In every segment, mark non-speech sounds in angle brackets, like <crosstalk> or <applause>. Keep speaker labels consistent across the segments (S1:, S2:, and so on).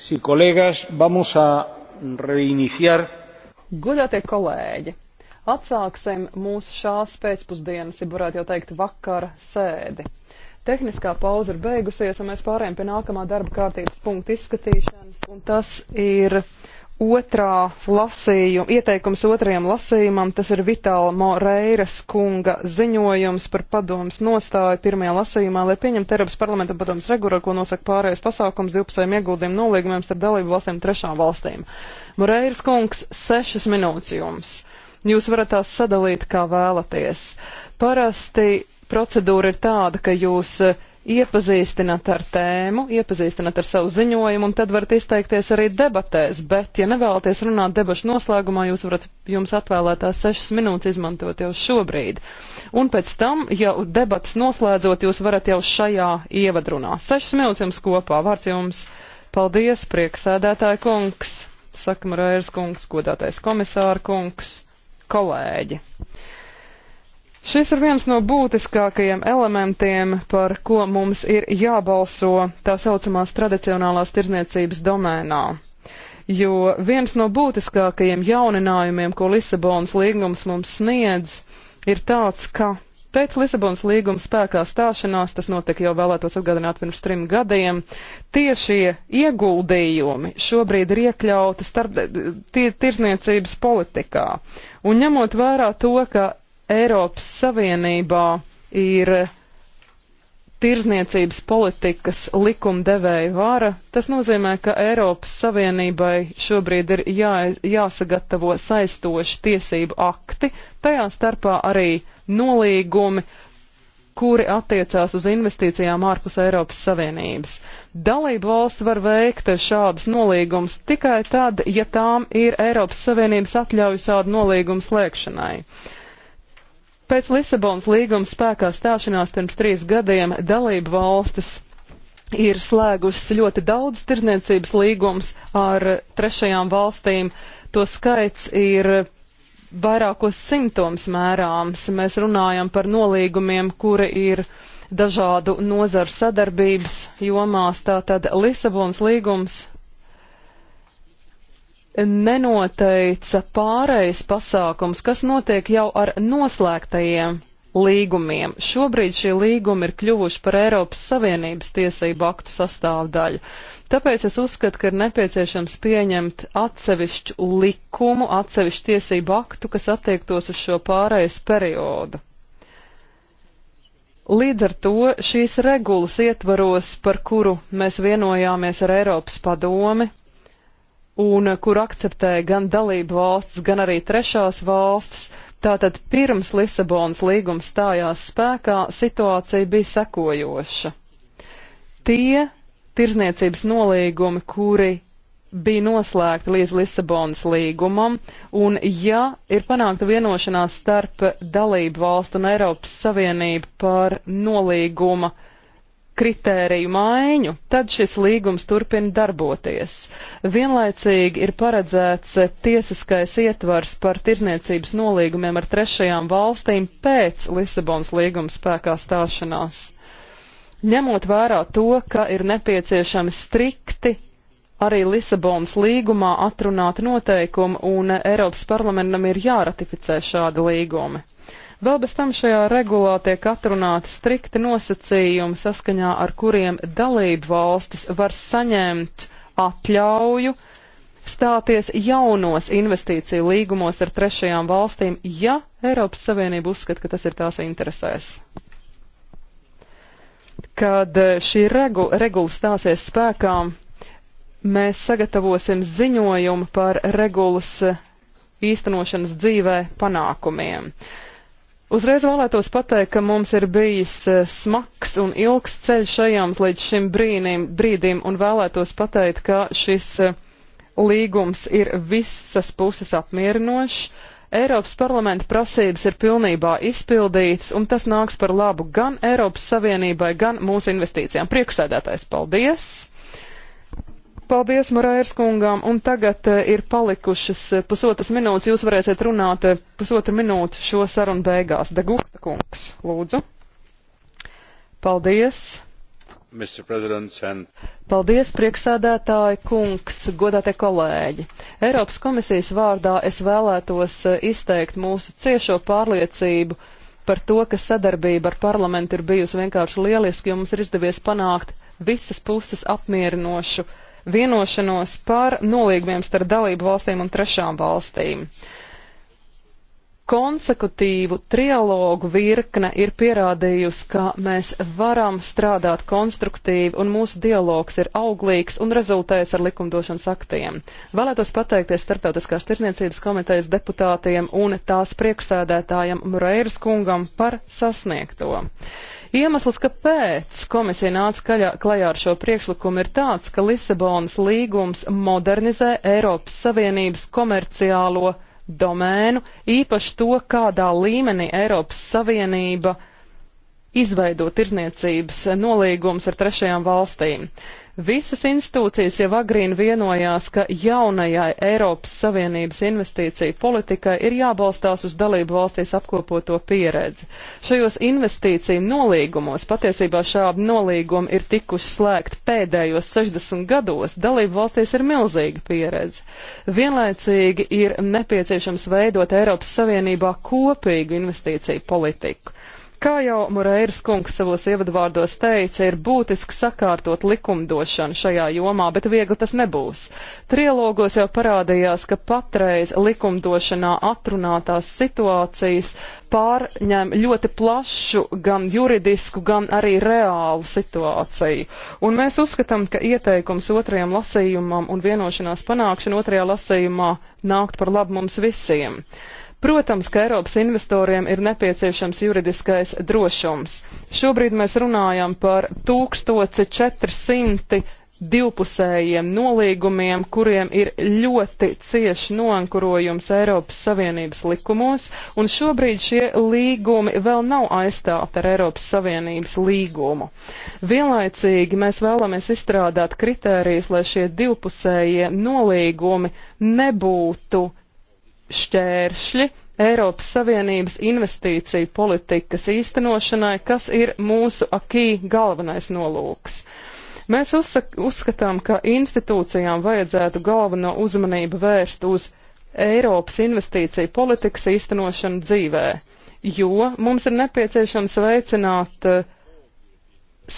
S1: Sí, kolēgas, vamos a reiniciar.
S2: Godātie kolēģi, atsāksim mūsu šās pēcpusdienas, ja varētu jau teikt, vakara sēdi. Tehniskā pauze ir beigusies, un mēs pārējām pie nākamā darba kārtības punkta izskatīšanas, un tas ir otrā lasījuma, ieteikums otrajam lasījumam, tas ir Vitāla Moreiras kunga ziņojums par padomas nostāju pirmajā lasījumā, lai pieņemtu Eiropas parlamenta padomas regulāru, ko nosaka pārējais pasākums 12 ieguldījumu nolīgumiem starp dalību valstīm trešām valstīm. Moreiras kungs, sešas minūtes jums. Jūs varat tās sadalīt, kā vēlaties. Parasti procedūra ir tāda, ka jūs uh, iepazīstināt ar tēmu, iepazīstināt ar savu ziņojumu, un tad varat izteikties arī debatēs, bet, ja nevēlaties runāt debašu noslēgumā, jūs varat jums atvēlētās sešas minūtes izmantot jau šobrīd. Un pēc tam, ja debatas noslēdzot, jūs varat jau šajā ievadrunā. Sešas minūtes jums kopā, vārds jums. Paldies, prieksēdētāja kungs, saka Marērs kungs, godātais komisāra kungs, kolēģi. Šis ir viens no būtiskākajiem elementiem, par ko mums ir jābalso tā saucamās tradicionālās tirzniecības domēnā. Jo viens no būtiskākajiem jauninājumiem, ko Lisabonas līgums mums sniedz, ir tāds, ka Pēc Lisabonas līguma spēkā stāšanās, tas notika jau vēlētos atgādināt pirms trim gadiem, tiešie ieguldījumi šobrīd ir iekļauti starp eh, tirzniecības politikā. Un ņemot vērā to, ka Eiropas Savienībā ir tirzniecības politikas likumdevēja vara, tas nozīmē, ka Eiropas Savienībai šobrīd ir jā, jāsagatavo saistoši tiesību akti, tajā starpā arī nolīgumi, kuri attiecās uz investīcijām ārpus Eiropas Savienības. Dalību valsts var veikt šādus nolīgumus tikai tad, ja tām ir Eiropas Savienības atļauju šādu nolīgumu slēgšanai. Uh, Pēc Lisabonas līguma spēkā stāšanās pirms trīs gadiem dalību valstis ir slēgušas ļoti daudz tirdzniecības līgumus ar trešajām valstīm. To skaits ir vairākos simtos mērāms. Mēs runājam par nolīgumiem, kuri ir dažādu nozaru sadarbības jomās. Tātad Lisabonas līgums nenoteica pārejas pasākums, kas notiek jau ar noslēgtajiem līgumiem. Šobrīd šie līgumi ir kļuvuši par Eiropas Savienības tiesību aktu sastāvdaļu. Tāpēc es uzskatu, ka ir nepieciešams pieņemt atsevišķu likumu, atsevišķu tiesību aktu, kas attiektos uz šo pārejas periodu. Līdz ar to šīs regulas ietvaros, par kuru mēs vienojāmies ar Eiropas padomi, un kur akceptē gan dalību valsts, gan arī trešās valsts. Tātad pirms Lisabonas līgums stājās spēkā, situācija bija sekojoša. Tie tirzniecības nolīgumi, kuri bija noslēgti līdz Lisabonas līgumam, un ja ir panākta vienošanās starp dalību valstu un Eiropas Savienību par nolīguma uh, kritēriju maiņu, tad šis līgums turpina darboties. Vienlaicīgi ir paredzēts tiesiskais ietvars par tirzniecības nolīgumiem ar trešajām valstīm pēc Lisabons līguma spēkā stāšanās. Ņemot vērā to, ka ir nepieciešami strikti arī Lisabonas līgumā atrunāti noteikumi un Eiropas parlamentam ir jāratificē šādi līgumi. Vēl bez tam šajā regulā tiek atrunāti strikti nosacījumi, saskaņā ar kuriem dalību valstis var saņemt atļauju stāties jaunos investīciju līgumos ar trešajām valstīm, ja Eiropas Savienība uzskata, ka tas ir tās interesēs kad eh, šī regu, regula stāsies spēkā, mēs sagatavosim ziņojumu par regulas eh, īstenošanas dzīvē panākumiem. Uzreiz vēlētos pateikt, ka mums ir bijis e, smags un ilgs ceļš ejams līdz šim brīnim, brīdim, un vēlētos pateikt, ka šis e, līgums ir visas puses apmierinošs. Eiropas parlamenta prasības ir pilnībā izpildītas, un tas nāks par labu gan Eiropas Savienībai, gan mūsu investīcijām. Prieksēdētājs, paldies! Paldies Morērs kungām, un tagad eh, ir palikušas eh, pusotras minūtes. Jūs varēsiet runāt eh, pusotru minūtu šo sarunu beigās. Degukta kungs, lūdzu. Paldies.
S3: And...
S2: Paldies, priekšsēdētāji kungs, godātie kolēģi. Eiropas komisijas vārdā es vēlētos izteikt mūsu ciešo pārliecību par to, ka sadarbība ar parlamentu ir bijusi vienkārši lieliski, jo mums ir izdevies panākt visas puses apmierinošu uh, vienošanos par nolīgumiem starp dalību valstīm un trešām valstīm. Uh, Konsekutīvu trialogu virkne ir pierādījusi, ka mēs varam strādāt konstruktīvi un mūsu dialogs ir auglīgs un rezultējas ar likumdošanas aktiem. Vēlētos pateikties Starptautiskās tirzniecības komitejas deputātiem un tās priekšsēdētājam Mureiras kungam par sasniegto. Iemesls, kāpēc komisija nāca klajā ar šo priekšlikumu, ir tāds, ka Lisabonas līgums modernizē Eiropas Savienības komerciālo domēnu, īpaši to, kādā līmenī Eiropas Savienība uh, izveidot tirzniecības nolīgumus ar trešajām valstīm. Visas institūcijas jau agrīn vienojās, ka jaunajai Eiropas Savienības investīciju politikai ir jābalstās uz dalību valstīs apkopoto pieredzi. Šajos investīciju nolīgumos patiesībā šādi nolīgumi ir tikuši slēgt pēdējos 60 gados, dalību valstīs ir milzīga pieredze. Vienlaicīgi ir nepieciešams veidot Eiropas Savienībā kopīgu investīciju politiku. Kā jau Moreiras kungs savos ievadvārdos teica, ir būtiski sakārtot likumdošanu šajā jomā, bet viegli tas nebūs. Trialogos jau parādījās, ka patreiz likumdošanā atrunātās situācijas pārņem ļoti plašu gan juridisku, gan arī reālu situāciju. Un mēs uzskatām, ka ieteikums otrajam lasījumam un vienošanās panākšana otrajā lasījumā nākt par labu mums visiem. Protams, ka Eiropas investoriem ir nepieciešams juridiskais drošums. Šobrīd mēs runājam par 1400 divpusējiem nolīgumiem, kuriem ir ļoti cieši noankurojums Eiropas Savienības likumos, un šobrīd šie līgumi vēl nav aizstāti ar Eiropas Savienības līgumu. Vienlaicīgi mēs vēlamies izstrādāt kritērijas, lai šie divpusējie nolīgumi nebūtu šķēršļi Eiropas Savienības investīciju politikas īstenošanai, kas ir mūsu akī galvenais nolūks. Mēs uzsak, uzskatām, ka institūcijām vajadzētu galveno uzmanību vērst uz Eiropas investīciju politikas īstenošanu dzīvē, jo mums ir nepieciešams veicināt eh,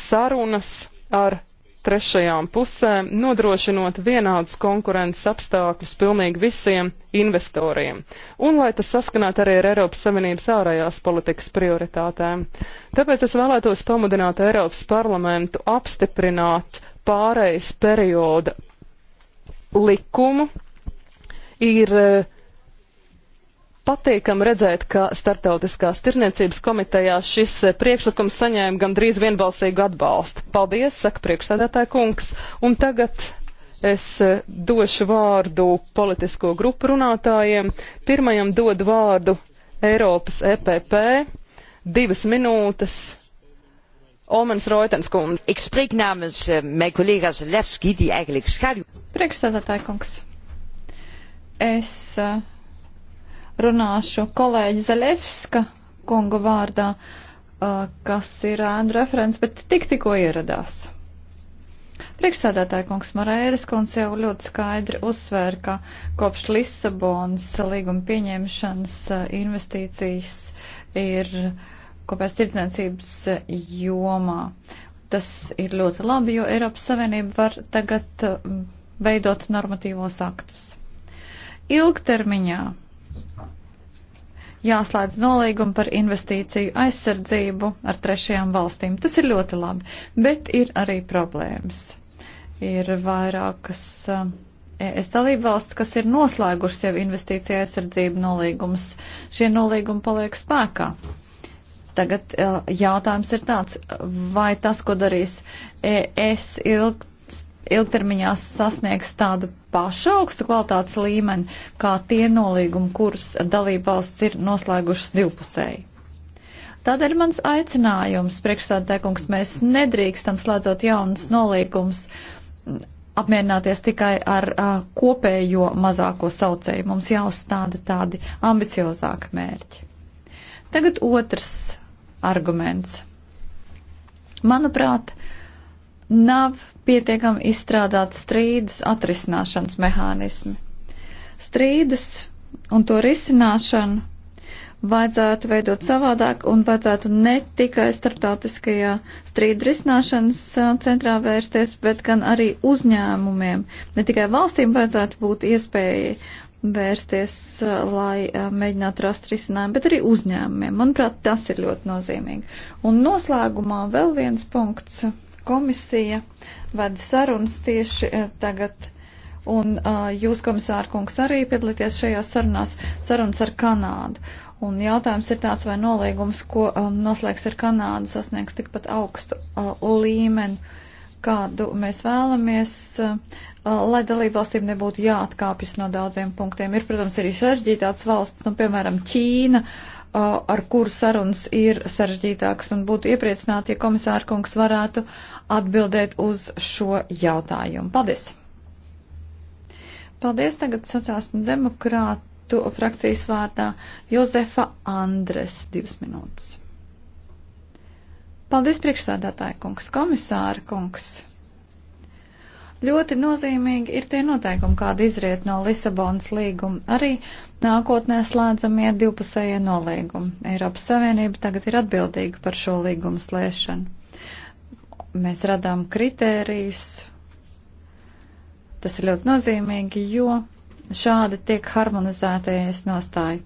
S2: sarunas ar trešajām pusēm, nodrošinot vienādus konkurences apstākļus pilnīgi visiem investoriem, un lai tas saskanētu arī ar Eiropas Savienības ārējās politikas prioritātēm. Tāpēc es vēlētos pamudināt Eiropas parlamentu apstiprināt pārejas perioda likumu. Ir uh, patīkam redzēt, ka Startautiskās tirniecības komitejā šis eh, priekšlikums saņēma gandrīz vienbalsīgu atbalstu. Paldies, saka priekšsēdētāja kungs. Un tagad es eh, došu vārdu politisko grupu runātājiem. Pirmajam dod vārdu Eiropas EPP. Divas minūtes. Omens Roitens kundze. Ik spreek namens uh, mijn collega Zelevski, die eigenlijk
S1: schaduw. Priekšsēdētāja kungs. Es uh, runāšu kolēģi Zaļevska kunga vārdā, kas ir ēnu referents, bet tik tikko ieradās. Priekšsēdētāja kungs Marēras kungs jau ļoti skaidri uzsvēra, ka kopš Lisabonas līguma pieņemšanas investīcijas ir kopējas tirdzniecības jomā. Tas ir ļoti labi, jo Eiropas Savienība var tagad veidot normatīvos aktus. Ilgtermiņā jāslēdz nolīgumi par investīciju aizsardzību ar trešajām valstīm. Tas ir ļoti labi, bet ir arī problēmas. Ir vairākas eh, ES dalību valsts, kas ir noslēgušas jau investīcija aizsardzību nolīgumus. Šie nolīgumi paliek spēkā. Tagad eh, jautājums ir tāds, vai tas, ko darīs ES ilgt ilgtermiņā sasniegs tādu pašu augstu kvalitātes līmeni, kā tie nolīgumi, kurus dalībvalsts ir noslēgušas divpusēji. Tādēļ mans aicinājums, priekšsādēkungs, mēs nedrīkstam slēdzot jaunas nolīgumus apmierināties tikai ar uh, kopējo mazāko saucēju. Mums jāuzstāda tādi ambiciozāki mērķi. Tagad otrs arguments. Manuprāt, nav pietiekami izstrādāt strīdus atrisināšanas mehānismi. Strīdus un to risināšanu vajadzētu veidot savādāk un vajadzētu ne tikai starptautiskajā strīdu risināšanas centrā vērsties, bet gan arī uzņēmumiem. Ne tikai valstīm vajadzētu būt iespēja vērsties, lai mēģinātu rast risinājumu, bet arī uzņēmumiem. Manuprāt, tas ir ļoti nozīmīgi. Un noslēgumā vēl viens punkts. Komisija vada sarunas tieši eh, tagad. Un uh, jūs, komisārkungs, arī piedalīties šajās sarunās, sarunas ar Kanādu. Un jautājums ir tāds, vai nolīgums, ko um, noslēgs ar Kanādu, sasniegs tikpat augstu uh, līmeni, kādu mēs vēlamies, uh, lai dalībvalstīm nebūtu jāatkāpjas no daudziem punktiem. Ir, protams, arī sarežģītāts valsts, nu, piemēram, Ķīna, ar kuru sarunas ir sarežģītākas un būtu iepriecināti, ja komisāra kungs varētu atbildēt uz šo jautājumu. Paldies! Paldies tagad sociālistu demokrātu frakcijas vārdā Jozefa Andres, divas minūtes. Paldies priekšsādātāja kungs, komisāra kungs. Ļoti nozīmīgi ir tie noteikumi, kādi izriet no Lisabonas līguma. Arī nākotnē slēdzamie divpusējie nolīgumi. Eiropas Savienība tagad ir atbildīga par šo līgumu slēšanu. Mēs radām kritērijus. Tas ir ļoti nozīmīgi, jo šādi tiek harmonizētais nostāja.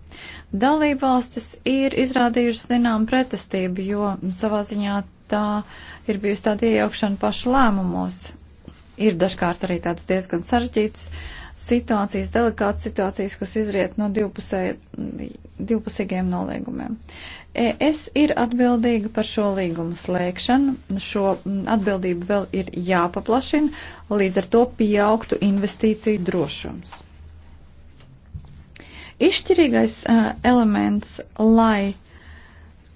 S1: Dalībvalstis ir izrādījušas zinām pretestību, jo savā ziņā tā ir bijusi tāda iejaukšana pašu lēmumos ir dažkārt arī tāds diezgan sarežģīts situācijas, delikāts situācijas, kas izriet no divpusē, divpusīgiem noliegumiem. ES ir atbildīga par šo līgumu slēgšanu, šo mm, atbildību vēl ir jāpaplašina, līdz ar to pieaugtu investīciju drošums. Išķirīgais uh, e, elements, lai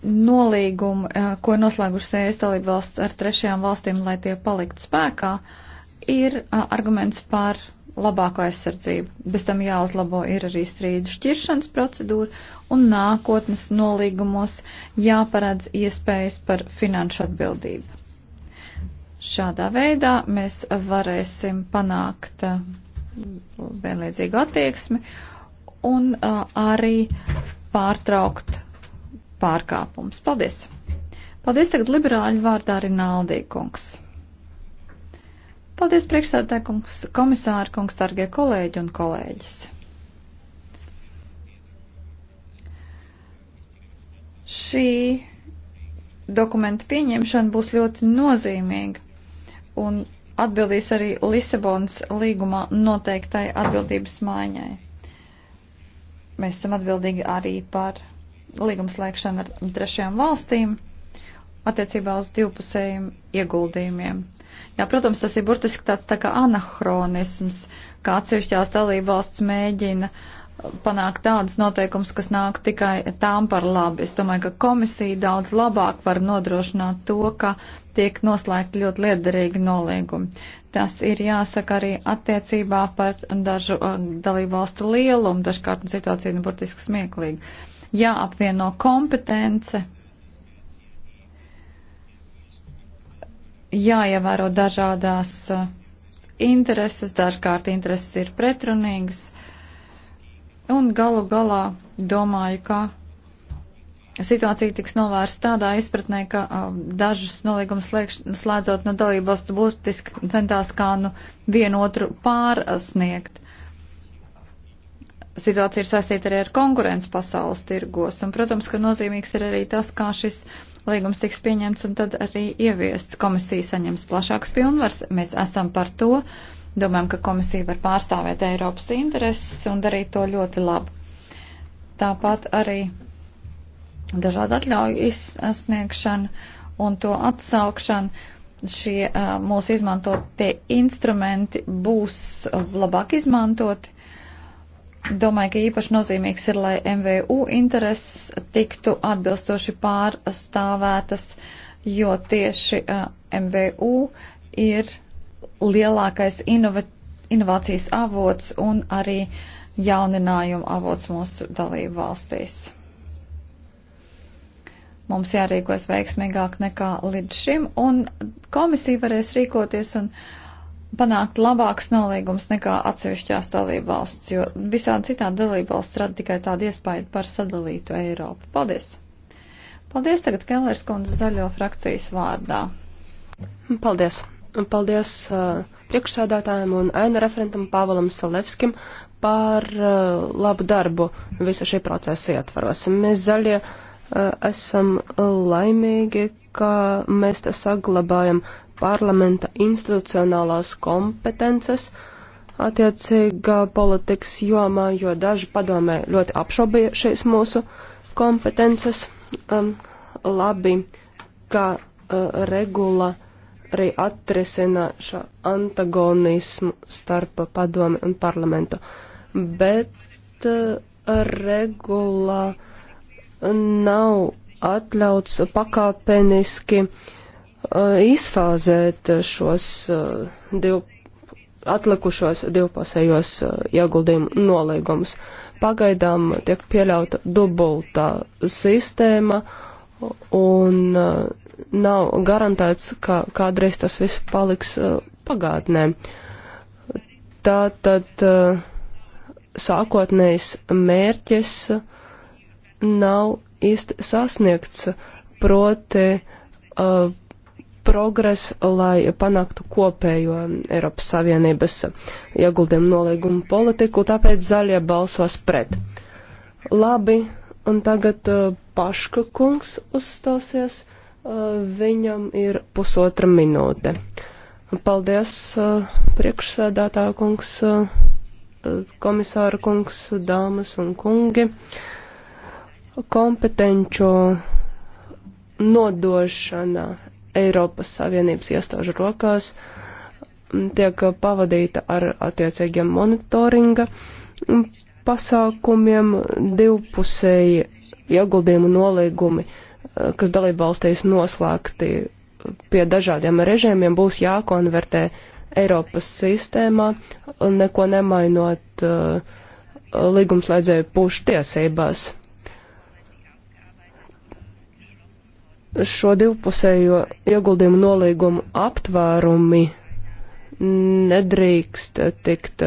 S1: nolīgumu, e, ko ir noslēgušas ES dalību valsts ar trešajām valstīm, lai tie paliktu spēkā, uh, ir arguments par labāko aizsardzību. Bez tam jāuzlabo ir arī strīdu šķiršanas procedūra un nākotnes nolīgumos jāparedz iespējas par finanšu atbildību. Šādā veidā mēs varēsim panākt vienlīdzīgu attieksmi un arī pārtraukt pārkāpums. Paldies! Paldies tagad liberāļu vārdā arī Naldīkungs. Paldies, priekšsēdētāji kungs, komisāri kungs, targie kolēģi un kolēģis. Šī dokumenta pieņemšana būs ļoti nozīmīga un atbildīs arī Lisabonas līgumā noteiktai atbildības maiņai. Mēs esam atbildīgi arī par līgums slēgšanu ar trešajām valstīm attiecībā uz divpusējiem ieguldījumiem. Jā, protams, tas ir burtiski tāds tā kā anahronisms, kā atsevišķās dalībvalsts mēģina panākt tādus noteikumus, kas nāk tikai tām par labi. Es domāju, ka komisija daudz labāk var nodrošināt to, ka tiek noslēgti ļoti liederīgi nolīgumi. Tas ir jāsaka arī attiecībā par dažu uh, dalībvalstu lielumu, dažkārt situācija ir burtiski smieklīga. Jāapvieno kompetence, jāievēro dažādās uh, intereses, dažkārt intereses ir pretrunīgas, un galu galā domāju, ka situācija tiks novērsta tādā izpratnē, ka uh, dažas nolīgumas slēdzot no dalībās būtiski centās kā nu vienotru pārsniegt situācija ir saistīta arī ar konkurences pasaules tirgos. Un, protams, ka nozīmīgs ir arī tas, kā šis līgums tiks pieņemts un tad arī ieviests. Komisija saņems plašāks pilnvars. Mēs esam par to. Domājam, ka komisija var pārstāvēt Eiropas intereses un darīt to ļoti labi. Tāpat arī dažādu atļauju izsniegšana un to atsaukšana. Šie mūsu izmantotie instrumenti būs labāk izmantoti domāju, ka īpaši nozīmīgs ir, lai MVU intereses tiktu atbilstoši pārstāvētas, jo tieši uh, eh, MVU ir lielākais inova, inovācijas avots un arī jauninājuma avots mūsu dalību valstīs. Mums jārīkojas veiksmīgāk nekā līdz šim, un komisija varēs rīkoties un uh, panākt labāks nolīgums nekā atsevišķās dalība valsts, jo visādi citādi dalība valsts rada tikai tādu iespēju par sadalītu Eiropu. Paldies! Paldies tagad Kellers kundze zaļo frakcijas
S4: vārdā. Paldies! Paldies uh, priekšsādātājiem un ainu referentam Pāvalam Salevskim par uh, labu darbu visu šī procesa ietvaros. Mēs zaļie uh, esam laimīgi, ka mēs te saglabājam parlamenta institucionālās kompetences attiecīgā politikas jomā, jo daži padomē ļoti apšaubīja šīs mūsu kompetences. Um, labi, ka uh, regula arī atrisina šo antagonismu starp padomi un parlamentu, bet uh, regula nav atļauts pakāpeniski uh, Uh, izfāzēt šos uh, div, atlikušos divpusējos uh, ieguldījumu nolīgumus. Pagaidām tiek pieļauta dubultā sistēma un nav garantēts, ka kādreiz tas viss paliks pagātnē. Tātad sākotnējs mērķis nav īsti sasniegts, proti uh, progress, lai panāktu kopējo Eiropas Savienības ieguldījumu nolīgumu politiku, tāpēc zaļie balsos pret. Labi, un tagad uh, Paška kungs uzstāsies, uh, viņam ir pusotra minūte. Paldies, uh, priekšsēdētā kungs, komisāra kungs, dāmas un kungi. Kompetenču nodošana Eiropas Savienības iestāžu rokās, tiek pavadīta ar attiecīgiem monitoringa pasākumiem, divpusēji ieguldījumu nolīgumi, e, kas dalībvalstīs noslēgti pie dažādiem režīmiem, būs jākonvertē Eiropas sistēmā, neko nemainot e, līgumslēdzēju pušu tiesībās. šo divpusējo ieguldījumu nolīgumu aptvērumi nedrīkst tikt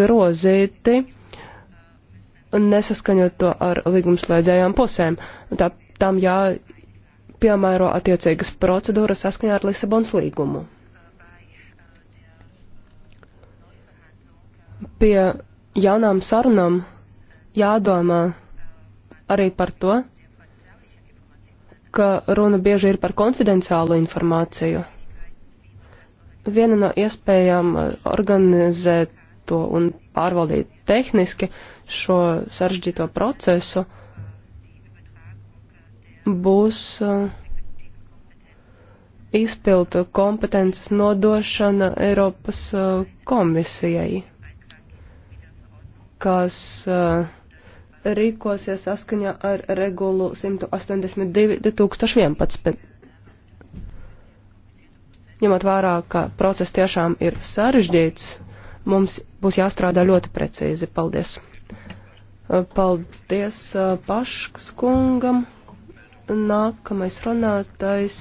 S4: grozīti, nesaskaņot to ar līgumslēdzējām pusēm. Tā, tam jāpiemēro attiecīgas procedūras saskaņā ar Lisabons līgumu. Pie jaunām sarunām jādomā arī par to, ka runa bieži ir par konfidenciālu informāciju. Viena no iespējām organizēt to un pārvaldīt tehniski šo sarežģīto procesu būs uh, izpildu kompetences nodošana Eiropas uh, komisijai, kas uh, rīkosies saskaņā ar regulu 182.2011. Ņemot vērā, ka process tiešām ir sarežģīts, mums būs jāstrādā ļoti precīzi. Paldies! Paldies Paškas kungam. Nākamais runātais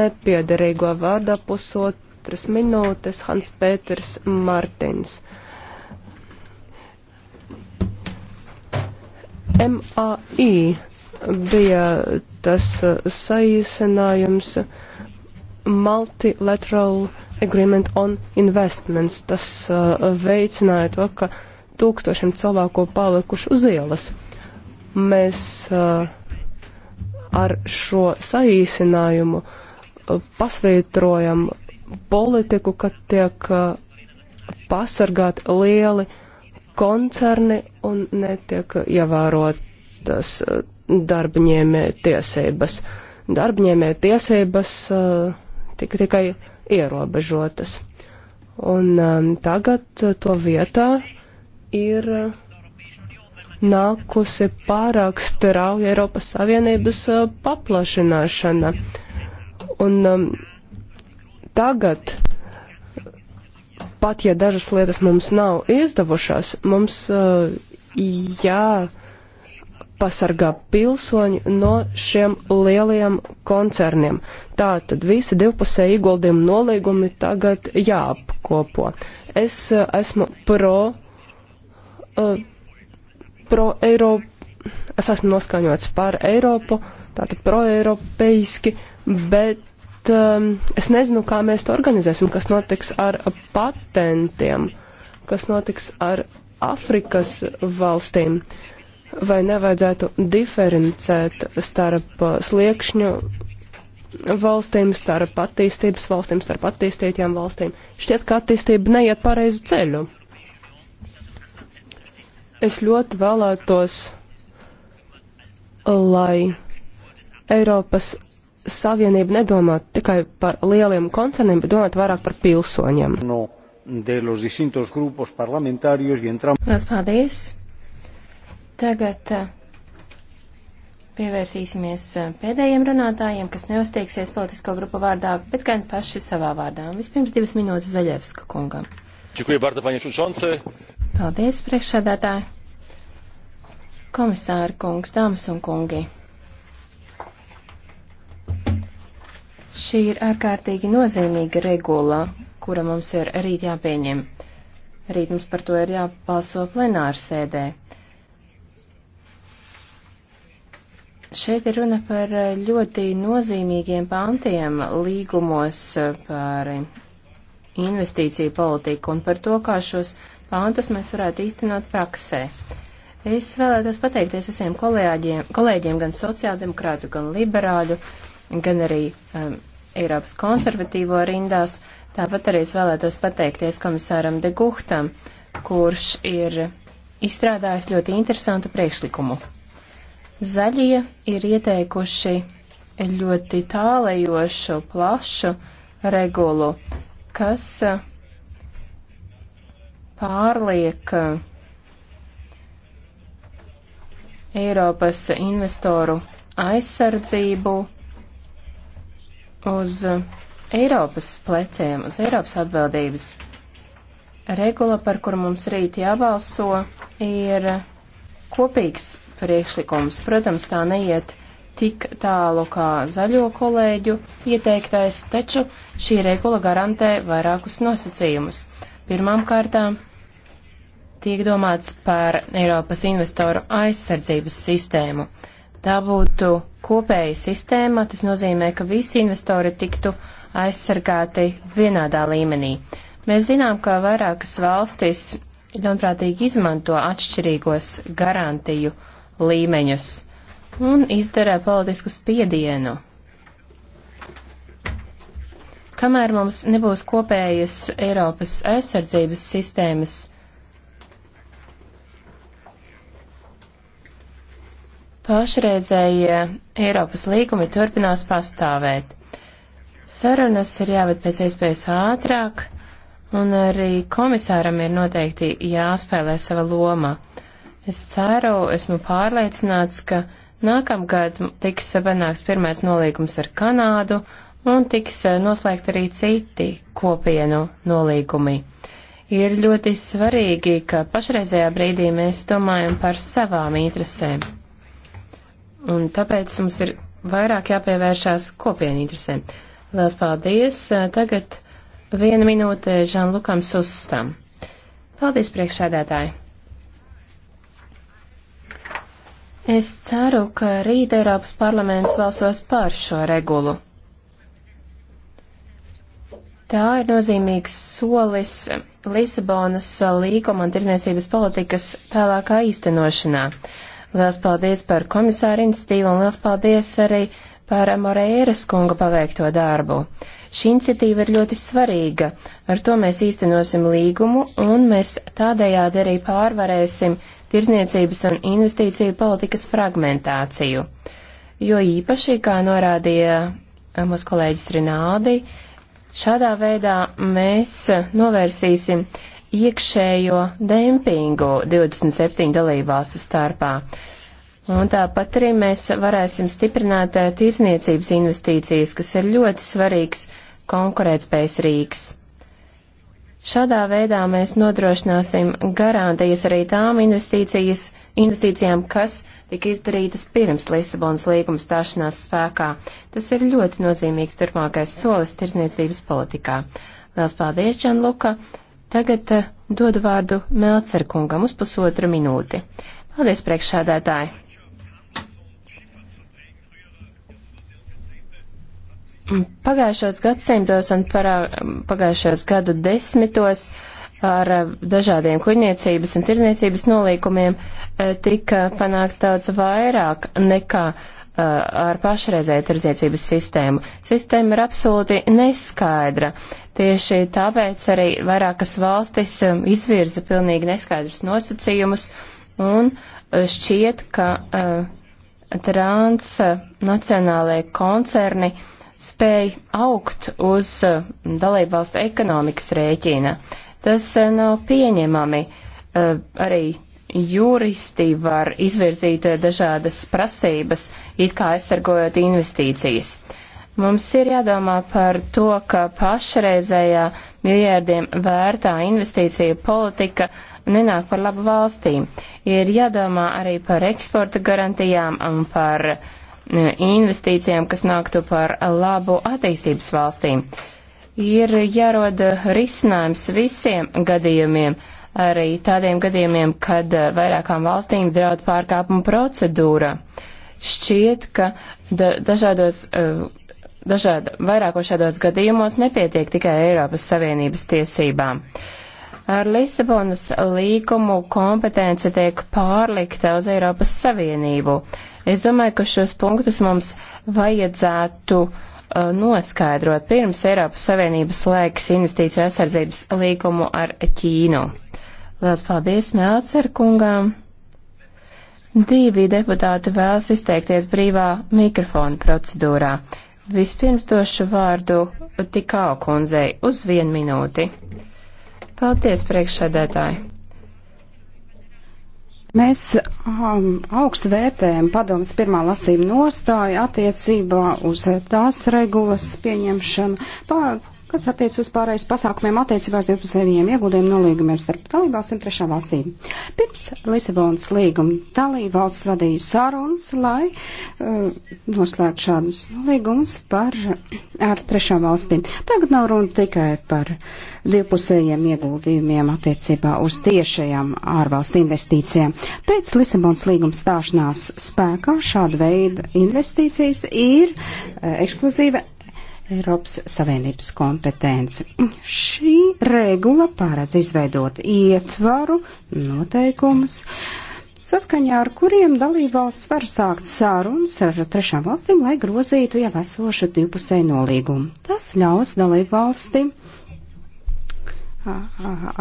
S4: nepiederīgo vārdā pusotras minūtes Hans Pēters Martins. MAI bija tas uh, saīsinājums Multilateral Agreement on Investments. Tas uh, veicināja to, ka tūkstošiem cilvēku palikuši uz ielas. Mēs uh, ar šo saīsinājumu pasvītrojam politiku, kad tiek pasargāti lieli koncerni un netiek ievērotas eh, darbņēmē tiesības. Darbņēmē tiesības eh, tika tikai ierobežotas. Un eh, tagad to vietā ir nākusi pārāk strauja Eiropas Savienības paplašināšana. Un um, tagad pat ja dažas lietas mums nav izdevušās, mums uh, jāpasargā pilsoņi no šiem lielajiem koncerniem. Tātad visi divpusē ieguldījumi nolīgumi tagad jāapkopo. Es uh, esmu pro, uh, pro Eiropu, es esmu noskaņots par Eiropu, tātad pro-eiropeiski, bet bet um, es nezinu, kā mēs to organizēsim, kas notiks ar patentiem, kas notiks ar Afrikas valstīm. Vai nevajadzētu diferencēt starp uh, sliekšņu valstīm, starp attīstības valstīm, starp attīstītajām valstīm? Šķiet, ka attīstība neiet pareizu ceļu. Es ļoti vēlētos, lai Eiropas Savienība nedomā tikai par lieliem koncerniem, bet domāt vairāk par pilsoņiem.
S3: No Lielas
S5: paldies! Tagad eh, pievērsīsimies eh, pēdējiem runātājiem, kas neuzteiksies politisko grupu vārdā, bet gan paši savā vārdā. Vispirms divas minūtes Zaļevska kungam. Paldies, priekšsēdētāji! Komisāri kungs, dāmas un kungi! Šī ir ārkārtīgi nozīmīga regula, kura mums ir rīt jāpieņem. Rīt mums par to ir jābalso plenāra sēdē. Šeit ir runa par ļoti nozīmīgiem pantiem līgumos par investīciju politiku un par to, kā šos pantus mēs varētu īstenot praksē. Es vēlētos pateikties visiem kolēģiem, kolēģiem gan sociāldemokrātu, gan liberāļu, uh, gan arī um, Eiropas konservatīvo rindās. Tāpat arī es vēlētos pateikties komisāram De Guhtam, kurš ir izstrādājis ļoti interesantu priekšlikumu. Zaļie ir ieteikuši ļoti tālējošu, plašu regulu, kas uh, pārliek uh, Eiropas investoru aizsardzību uz uh, Eiropas pleciem, uz Eiropas atbildības. Regula, par kuru mums rīt jābalso, ir kopīgs priekšlikums. Protams, tā neiet tik tālu kā zaļo kolēģu ieteiktais, taču šī regula garantē vairākus nosacījumus. Pirmām kārtām tiek domāts par Eiropas investoru aizsardzības sistēmu tā būtu kopēja sistēma, tas nozīmē, ka visi investori tiktu aizsargāti vienādā līmenī. Mēs zinām, ka vairākas valstis ļaunprātīgi izmanto atšķirīgos garantiju līmeņus un izdara politisku spiedienu. Kamēr mums nebūs kopējas Eiropas aizsardzības sistēmas, Pašreizējie Eiropas līgumi turpinās pastāvēt. Sarunas ir jāved pēc iespējas ātrāk, un arī komisāram ir noteikti jāspēlē sava loma. Es ceru, esmu pārliecināts, ka nākamgad tiks panāks pirmais nolīgums ar Kanādu, un tiks noslēgt arī citi kopienu nolīgumi. Ir ļoti svarīgi, ka pašreizējā brīdī mēs domājam par savām interesēm. Un tāpēc mums ir vairāk jāpievēršās kopienu interesēm. Lielas paldies! Tagad viena minūte Žanlukam Sustam. Paldies, priekšsēdētāji! Es ceru, ka rīt Eiropas parlaments balsos par šo regulu. Tā ir nozīmīgs solis Lisabonas līguma un tirdzniecības politikas tālākā īstenošanā. Liels paldies par komisāru institīvu un liels paldies arī par Moreiras kunga paveikto darbu. Šī iniciatīva ir ļoti svarīga. Ar to mēs īstenosim līgumu un mēs tādējādi arī pārvarēsim tirzniecības un investīciju politikas fragmentāciju. Jo īpaši, kā norādīja eh, mūsu kolēģis Rinaldi, šādā veidā mēs novērsīsim iekšējo dempingu 27 dalībvalstu starpā. Un tāpat arī mēs varēsim stiprināt eh, tirsniecības investīcijas, kas ir ļoti svarīgs konkurētspējas rīks. Šādā veidā mēs nodrošināsim garantijas arī tām investīcijas, investīcijām, kas tika izdarītas pirms Lisabonas līguma stāšanās spēkā. Tas ir ļoti nozīmīgs turpmākais solis tirsniecības politikā. Liels paldies, Čanluka! Tagad eh, dodu vārdu Melcerkungam uz pusotru minūti. Paldies, priekšsādātāji! Pagājušos gadsimtos un parā, pagājušos gadu desmitos ar eh, dažādiem kuģniecības un tirdzniecības nolīkumiem eh, tika panāks daudz vairāk nekā uh, Uh, ar pašreizēju tirdzniecības sistēmu. Sistēma ir absolūti neskaidra. Tieši tāpēc arī vairākas valstis um, izvirza pilnīgi neskaidrus nosacījumus un uh, šķiet, ka uh, transnacionālajie uh, koncerni spēj augt uz uh, dalībvalstu ekonomikas rēķina. Tas uh, nav pieņemami. Arī juristi var izvirzīt eh, dažādas prasības, it kā aizsargojot investīcijas. Mums ir jādomā par to, ka pašreizējā miljārdiem vērtā investīcija politika nenāk par labu valstīm. Ir jādomā arī par eksporta garantijām un par eh, investīcijām, kas nāktu par labu attīstības valstīm. Ir jārod eh, risinājums visiem gadījumiem arī tādiem gadījumiem, kad eh, vairākām valstīm draud pārkāpuma procedūra. Šķiet, ka da dažādos. Eh, Dažādi vairāko šādos gadījumos nepietiek tikai Eiropas Savienības tiesībām. Ar Lisabonas līgumu kompetence tiek pārlikta uz Eiropas Savienību. Es domāju, ka šos punktus mums vajadzētu uh, noskaidrot pirms Eiropas Savienības slēgs investīciju aizsardzības līgumu ar Ķīnu. Lielas paldies Melcer kungām. Divi deputāti vēlas izteikties brīvā mikrofona procedūrā. Vispirms došu vārdu Tikau kundzei uz vienu minūti. Paldies, priekšsēdētāji!
S3: Mēs um, augstu vērtējam padomas pirmā lasījuma nostāju attiecībā uz tās regulas pieņemšanu. Pa, kas attiec uz pārējais pasākumiem attiecībās 12. ieguldījumu nolīgumiem starp dalībvalstīm trešām valstīm. Pirms Lisabonas līguma dalībvalsts vadīja sarunas, lai uh, noslēgtu šādus līgumus par, eh, ar trešām valstīm. Tagad nav runa tikai par divpusējiem ieguldījumiem attiecībā uz tiešajām ārvalstu investīcijām. Pēc Lisabonas līguma stāšanās spēkā šāda veida investīcijas ir uh, ekskluzīva Eiropas Savienības kompetence. Šī regula pārēdz izveidot ietvaru, noteikumus, saskaņā ar kuriem dalībvalsts var sākt sārunas ar trešām valstīm, lai grozītu jau esošu divpusēju nolīgumu. Tas ļaus dalībvalsti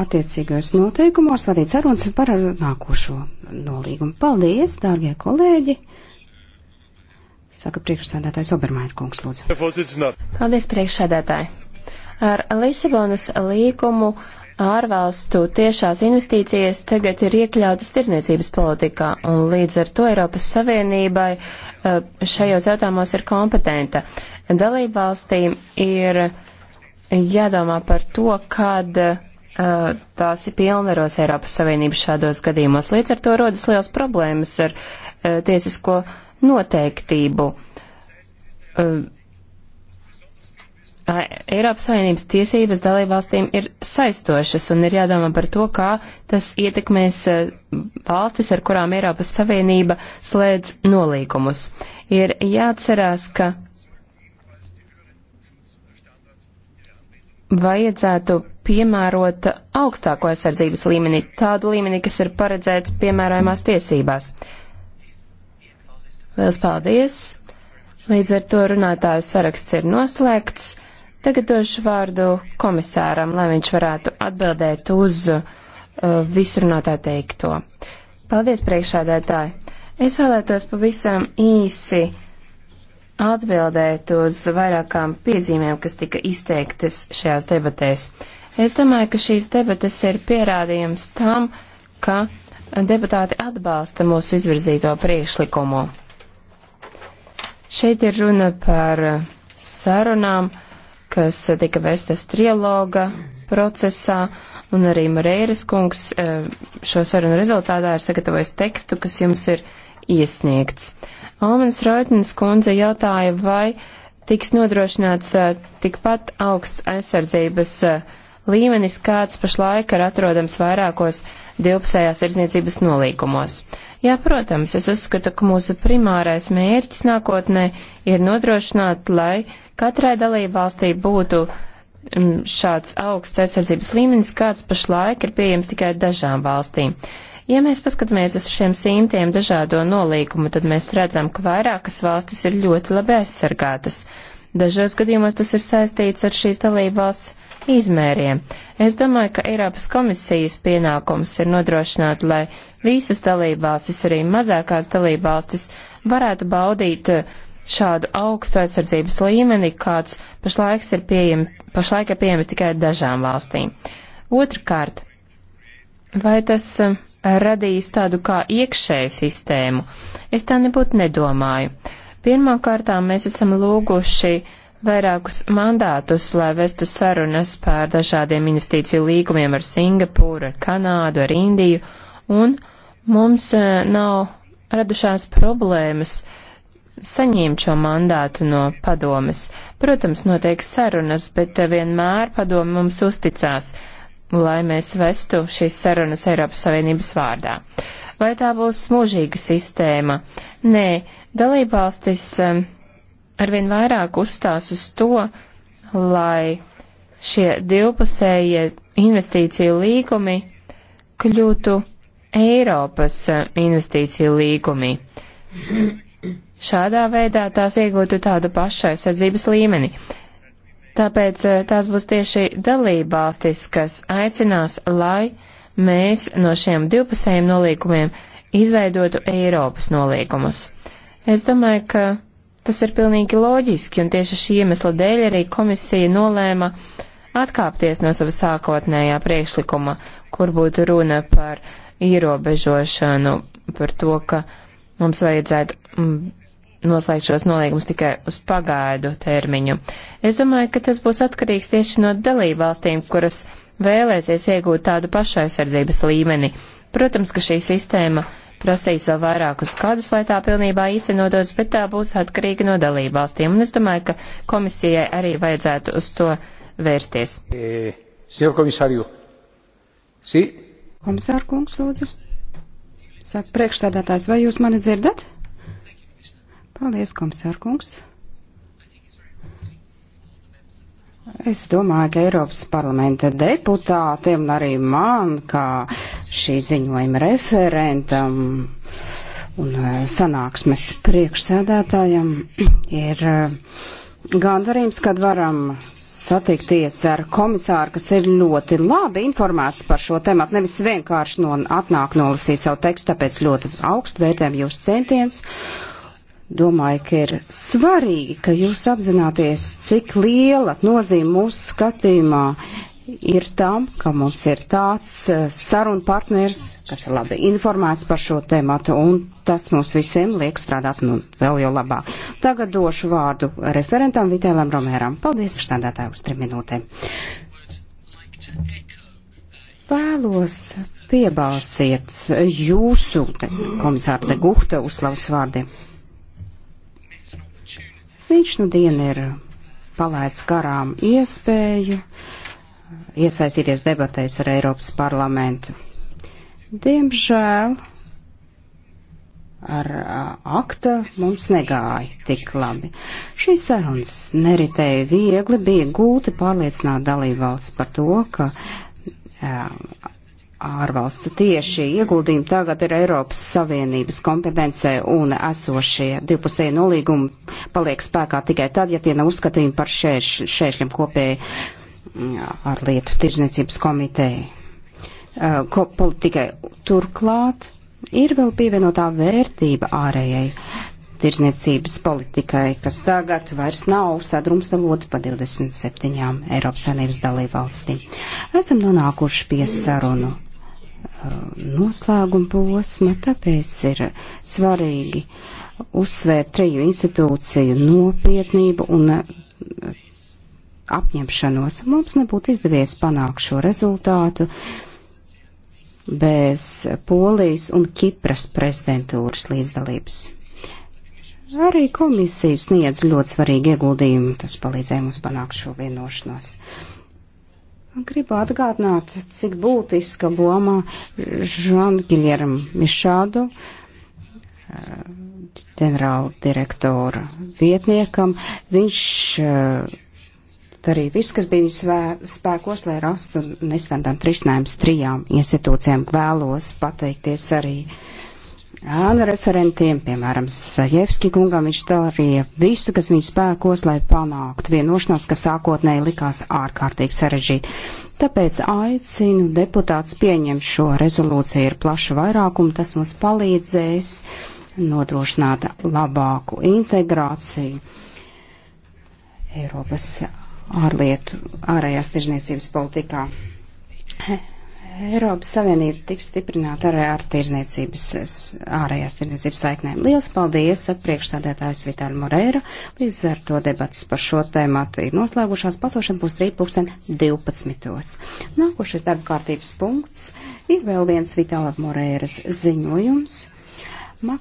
S3: attiecīgajos noteikumos vadīt sarunas par nākošo nolīgumu. Paldies, dārgie kolēģi! Saka priekšsēdētājs Obermaira kungs,
S2: lūdzu.
S5: Paldies, priekšsēdētāji. Ar Lisabonas līgumu ārvalstu tiešās investīcijas tagad ir iekļautas tirdzniecības politikā, un līdz ar to Eiropas Savienībai eh, šajos jautājumos ir kompetenta. Dalību valstīm ir jādomā par to, kad eh, tās ir pilnvaros Eiropas Savienības šādos gadījumos. Līdz ar to rodas liels problēmas ar eh, tiesisko noteiktību. Uh, Eiropas Savienības tiesības dalībvalstīm ir saistošas un ir jādomā par to, kā tas ietekmēs uh, valstis, ar kurām Eiropas Savienība slēdz nolīgumus. Ir jāatcerās, ka vajadzētu piemērot augstāko aizsardzības līmeni, tādu līmeni, kas ir paredzēts piemērojumās tiesībās. Uh, Lielas paldies! Līdz ar to runātāju saraksts ir noslēgts. Tagad došu vārdu komisāram, lai viņš varētu atbildēt uz uh, visu runātāju teikto. Paldies, priekšādētāji! Es vēlētos pavisam īsi atbildēt uz vairākām piezīmēm, kas tika izteiktas šajās debatēs. Es domāju, ka šīs debates ir pierādījums tam, ka deputāti atbalsta mūsu izvirzīto priekšlikumu. Šeit ir runa par sarunām, kas tika vestas trialoga procesā, un arī Mareiras kungs e, šo sarunu rezultātā ir sagatavojis tekstu, kas jums ir iesniegts. Almens Roitnes kundze jautāja, vai tiks nodrošināts e, tikpat augsts aizsardzības e, līmenis, kāds pašlaik ir atrodams vairākos divpusējās tirdzniecības nolīgumos. Jā, protams, es uzskatu, ka mūsu primārais mērķis nākotnē ir nodrošināt, lai katrai dalībvalstī būtu mm, šāds augsts aizsardzības līmenis, kāds pašlaik ir pieejams tikai dažām valstīm. Ja mēs paskatāmies uz šiem simtiem dažādo nolīgumu, tad mēs redzam, ka vairākas valstis ir ļoti labi aizsargātas. Uh, Dažos gadījumos tas ir saistīts ar šīs dalībvalsts izmēriem. Es domāju, ka Eiropas komisijas pienākums ir nodrošināt, lai visas dalībvalstis, arī mazākās dalībvalstis, varētu baudīt eh, šādu augstu aizsardzības līmeni, kāds pašlaik ir, pieejam, pašlaik ir pieejams tikai dažām valstīm. Otrakārt, vai tas eh, radīs tādu kā iekšēju sistēmu? Es tā nebūtu nedomāju. Pirmkārtām mēs esam lūguši vairākus mandātus, lai vestu sarunas pār dažādiem investīciju līgumiem ar Singapūru, ar Kanādu, ar Indiju, un mums e, nav radušās problēmas saņēma šo mandātu no padomes. Protams, notiek sarunas, bet e, vienmēr padome mums uzticās, lai mēs vestu šīs sarunas Eiropas Savienības vārdā. Uh, Vai tā būs mūžīga sistēma? Nē, dalībvalstis um, arvien vairāk uzstās uz to, lai šie divpusējie investīciju līgumi kļūtu Eiropas um, investīciju līgumi. Šādā veidā tās iegūtu tādu pašu aizsardzības līmeni. Tāpēc uh, tās būs tieši dalībvalstis, kas aicinās, lai mēs no šiem divpusējiem nolīkumiem izveidotu Eiropas nolīkumus. Es domāju, ka tas ir pilnīgi loģiski, un tieši šī iemesla dēļ arī komisija nolēma atkāpties no sava sākotnējā priekšlikuma, kur būtu runa par ierobežošanu, par to, ka mums vajadzētu mm, noslēgt šos nolīgumus tikai uz pagaidu termiņu. Es domāju, ka tas būs atkarīgs tieši no dalībvalstīm, kuras vēlēsies iegūt tādu pašaizsardzības līmeni. Protams, ka šī sistēma prasīs vēl vairākus gadus, lai tā pilnībā īstenotos, bet tā būs atkarīga no dalību valstīm, un es domāju, ka komisijai arī vajadzētu uz to vērsties. E, eh, si?
S3: Komisār kungs, lūdzu. Saka priekšstādātājs, vai jūs mani dzirdat? Paldies, komisār kungs. Es domāju, ka Eiropas parlamenta deputātiem un arī man, kā šī ziņojuma referentam un e, sanāksmes priekšsēdētājam, <clears throat> ir e, gandarījums, kad varam satikties ar komisāru, kas ir ļoti labi informēts par šo tematu, nevis vienkārši no, atnāk nolasīt savu tekstu, tāpēc ļoti augstu vērtējam jūsu centienus Domāju, ka ir svarīgi, ka jūs apzināties, cik liela nozīme mūsu skatījumā ir tam, ka mums ir tāds eh, sarunu partners, kas ir labi informēts par šo tēmatu, un tas mums visiem liek strādāt nu, vēl jau labāk. Tagad došu vārdu referentam Vitēlam Romēram. Paldies, priekšstādātāji, uz trim minūtēm. Vēlos piebalsiet jūsu komisāra Gukta uzslavas vārdiem. Viņš nu dien ir palaists garām iespēju iesaistīties debatēs ar Eiropas parlamentu. Diemžēl ar akta mums negāja tik labi. Šīs sarunas neritēja viegli, bija gūti pārliecināt dalībvalsts par to, ka ārvalstu tieši ieguldījumi tagad ir Eiropas Savienības kompetencē un esošie divpusēji nolīgumi paliek spēkā tikai tad, ja tie nav uzskatījumi par šēš, šēšļiem kopēji ar mm, lietu tirzniecības komiteju. Uh, ko, politikai turklāt ir vēl pievienotā vērtība ārējai tirzniecības politikai, kas tagad vairs nav sadrumstalota pa 27 Eiropas Savienības dalībvalstīm. Esam nonākuši pie sarunu noslēguma posma, tāpēc ir svarīgi uzsvērt treju institūciju nopietnību un eh, apņemšanos. Mums nebūtu izdevies panākt šo rezultātu bez Polijas un Kipras prezidentūras līdzdalības. Arī komisija sniedz ļoti svarīgu ieguldījumu, tas palīdzēja mums panākt šo vienošanos. Gribu atgādināt, cik būtiska loma Žangiljeram Mišādu, eh, ģenerāla direktora vietniekam. Viņš eh, darīja visu, kas bija viņa spēkos, lai rastu nestandām risinājums trijām institūcijām. Vēlos pateikties arī uh, ānu referentiem, piemēram, Sajevski kungam, viņš darīja visu, kas viņa spēkos, lai panāktu vienošanās, kas sākotnēji likās ārkārtīgi sarežģīt. Tāpēc aicinu deputāts pieņemt šo rezolūciju ar plašu vairākumu, tas mums palīdzēs nodrošināt labāku integrāciju Eiropas ārlietu ārējās tirzniecības politikā. Eiropas Savienība tiks stiprināta arī ar tirzniecības, ārējās tirzniecības saiknēm. Lielas paldies, saka priekšsādētājs Vitāli Moreira. Līdz ar to debatas par šo tēmātu ir noslēgušās. Pasošana būs 3.12. Nākošais darba kārtības punkts ir vēl viens Vitāla Moreiras ziņojums.